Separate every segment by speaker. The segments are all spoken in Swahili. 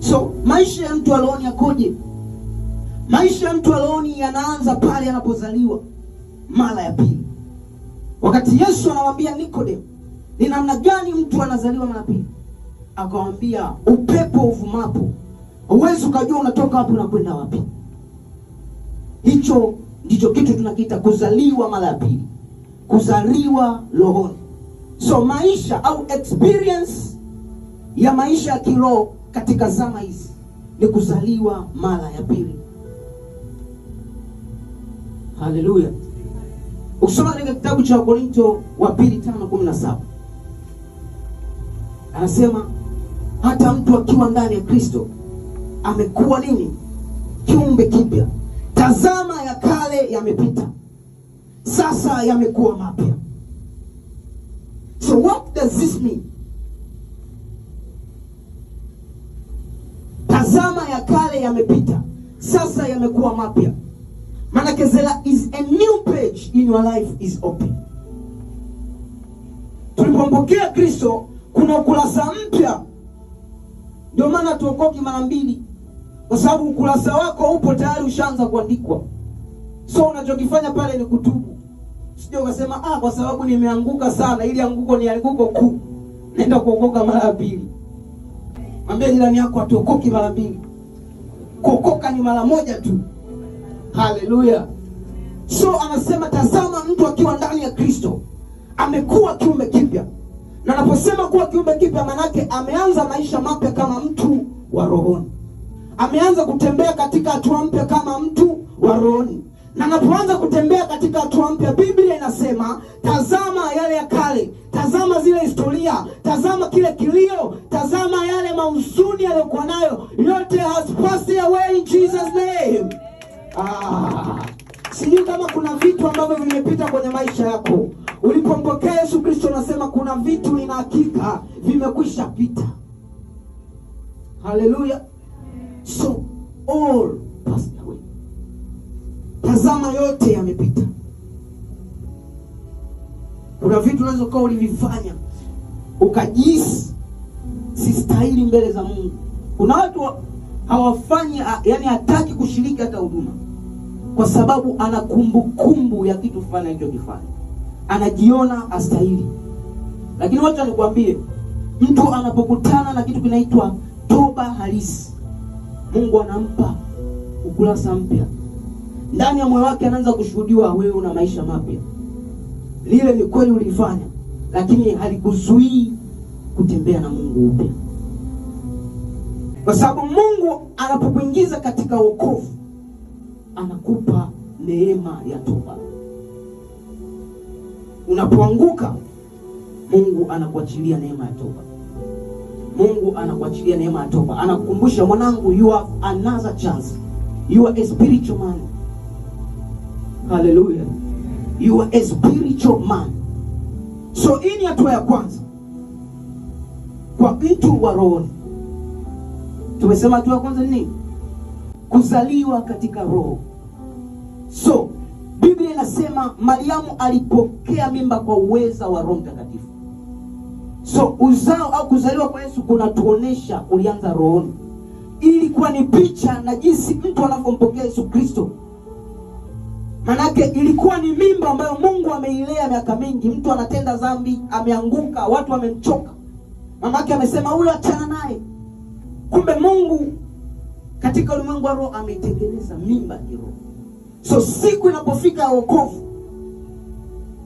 Speaker 1: So maisha ya mtu wa rohoni yakoje? Maisha ya mtu wa rohoni yanaanza pale anapozaliwa mara ya pili. Wakati Yesu anamwambia nikodemu ni namna gani mtu anazaliwa mara pili? Akamwambia, upepo uvumapo huwezi ukajua unatoka wapi unakwenda wapi. Hicho ndicho kitu tunakiita kuzaliwa mara ya pili, kuzaliwa rohoni. So maisha au experience ya maisha ya kiroho katika zama hizi ni kuzaliwa mara ya pili. Haleluya! Ukisoma katika kitabu cha Wakorinto wa pili tano kumi na saba anasema hata mtu akiwa ndani ya Kristo amekuwa nini? Kiumbe kipya. Tazama, ya kale yamepita, sasa yamekuwa mapya. So what does this mean? mazama ya kale yamepita, sasa yamekuwa mapya. Manake there is a new page in your life is open. Tulipompokea Kristo kuna ukurasa mpya. Ndio maana tuokoki mara mbili, kwa sababu ukurasa wako upo tayari, ushaanza kuandikwa. So unachokifanya pale ni kutubu, sio ukasema ah, kwa sababu nimeanguka sana, ili anguko ni anguko kuu, naenda kuokoka mara ya pili. Ambia jirani yako atuokoke mara mbili. Kuokoka ni mara moja tu. Haleluya! So anasema tazama, mtu akiwa ndani ya Kristo amekuwa kiumbe kipya, na anaposema kuwa kiumbe kipya, manake ameanza maisha mapya kama mtu wa rohoni, ameanza kutembea katika hatua mpya kama mtu wa rohoni na napoanza kutembea katika hatua mpya, Biblia inasema tazama yale ya kale, tazama zile historia, tazama kile kilio, tazama yale mauzuni aliyokuwa nayo, yote has passed away in Jesus name. Ah, sijui kama kuna vitu ambavyo vimepita kwenye maisha yako. Ulipompokea Yesu Kristo, unasema kuna vitu nina hakika vimekwisha pita. Haleluya! so all Mazama yote yamepita. Kuna vitu unaweza ukawa ulivifanya ukajisi sistahili mbele za Mungu. Kuna watu hawafanyi, yani hataki kushiriki hata huduma, kwa sababu ana kumbukumbu ya kitu fulani alichokifanya, anajiona astahili. Lakini wacha nikwambie, mtu anapokutana na kitu kinaitwa toba halisi, Mungu anampa ukurasa mpya ndani ya moyo wake anaanza kushuhudiwa, wewe una maisha mapya. Lile ni kweli ulifanya, lakini halikuzuii kutembea na Mungu upya, kwa sababu Mungu anapokuingiza katika wokovu anakupa neema ya toba. Unapoanguka, Mungu anakuachilia neema ya toba. Mungu anakuachilia neema ya toba, anakukumbusha mwanangu, you have another chance, you are a spiritual man Haleluya. You are a spiritual man. So hii ni hatua ya kwanza kwa mtu wa rohoni. Tumesema hatua ya kwanza nini? Kuzaliwa katika roho. So Biblia inasema Mariamu alipokea mimba kwa uweza wa Roho Mtakatifu. So uzao au kuzaliwa kwa Yesu kunatuonesha ulianza rohoni. Ilikuwa ni picha na jinsi mtu anavyompokea Yesu Kristo Manake ilikuwa ni mimba ambayo Mungu ameilea miaka mingi. Mtu anatenda dhambi, ameanguka, watu wamemchoka, mamake amesema huyo achana naye. Kumbe Mungu katika ulimwengu wa roho ameitengeneza mimba ni roho. So siku inapofika ya wokovu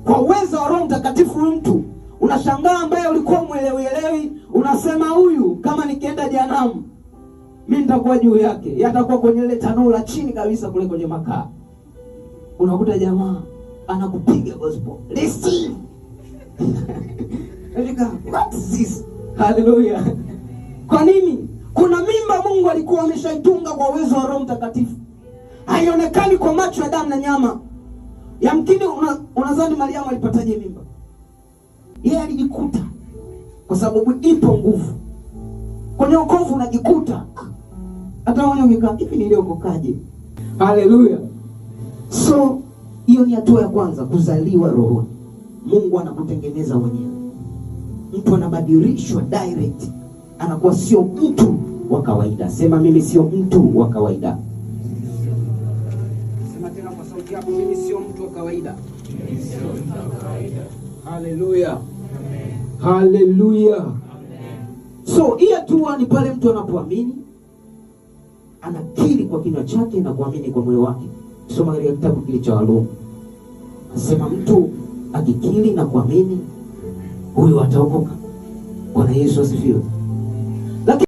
Speaker 1: kwa uwezo wa Roho Mtakatifu, mtu unashangaa, ambaye ulikuwa mwelewielewi, unasema huyu kama nikienda jehanamu mi nitakuwa juu yake, yatakuwa kwenye ile tanuru la chini kabisa kule kwenye makaa unakuta jamaa anakupiga gospel what is this haleluya kwa nini kuna mimba mungu alikuwa ameshaitunga kwa uwezo wa roho mtakatifu haionekani kwa macho ya damu na nyama yamkini una, unazani mariamu alipataje mimba yeye alijikuta kwa sababu ipo nguvu kwenye okovu unajikuta hata mwenye ukikaa hivi niliokokaje haleluya So hiyo ni hatua ya kwanza, kuzaliwa rohoni. Mungu anakutengeneza mwenyewe, mtu anabadilishwa direct, anakuwa sio mtu wa kawaida. Sema mimi sio mtu wa kawaida. Sema tena kwa sauti yako, mimi sio mtu wa kawaida. Haleluya, haleluya. So hii hatua ni pale mtu anapoamini, anakiri kwa kinywa chake na kuamini kwa moyo wake soma katika kitabu kilichoalumu asema mtu akikiri na kuamini huyu ataokoka. Bwana Yesu asifiwe.